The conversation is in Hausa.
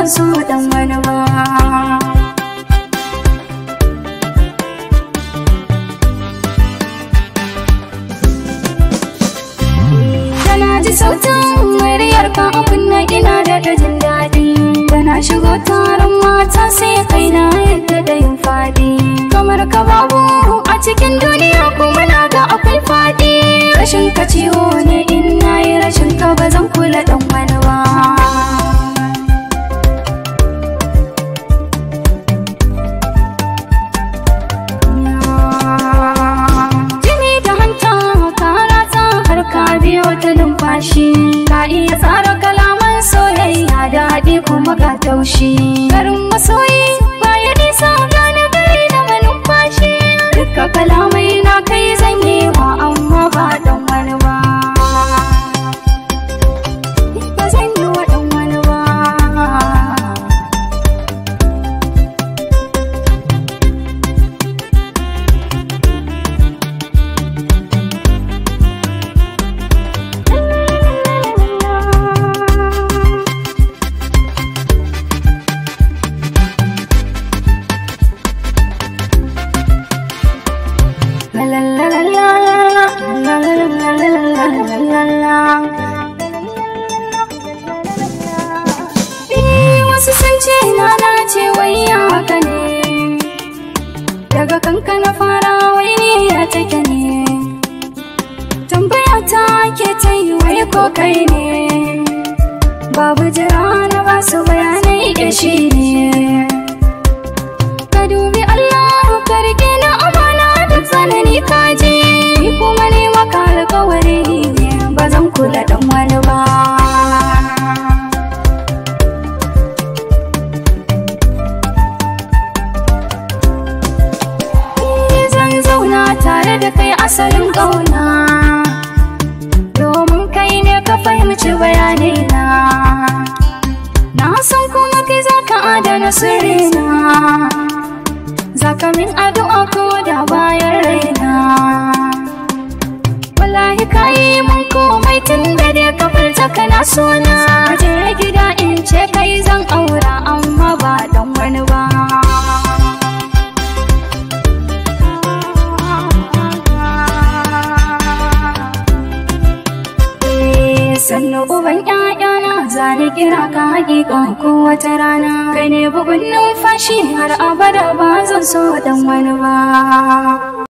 san su dan wani ba ji sautin muryar ka a kunna ina da dajin daɗi Tana shigo taron mata sai kai na yadda da yin faɗi Kamar ka babu a cikin duniya kuma na ga akwai faɗi Rashin ka ciwo ne in na yi rashin ka ba zan kula ɗan wani ba shi daga kanka na fara wai ni ya take ne tambaya ta ke ta yi wai ko kai ne babu jira na ba su bayanai da shi ne ka dubi Allah ka na amana sanani tsanani kaji ni kuma ne maka alkawari ba zan kula dan wani ba tare da kai asalin ƙauna domin kai ne ka fahimci bayanina na san kuma kai za ka adana sirrina zakamin Zakamin addu'a ko da bayan raina wallahi ka mun komai tun da dai ka furta kana suna sannu uban ƴaƴana zani kira ka haƙiƙa ko wata rana kai ne bugun numfashi har abada ba zan so dan wani ba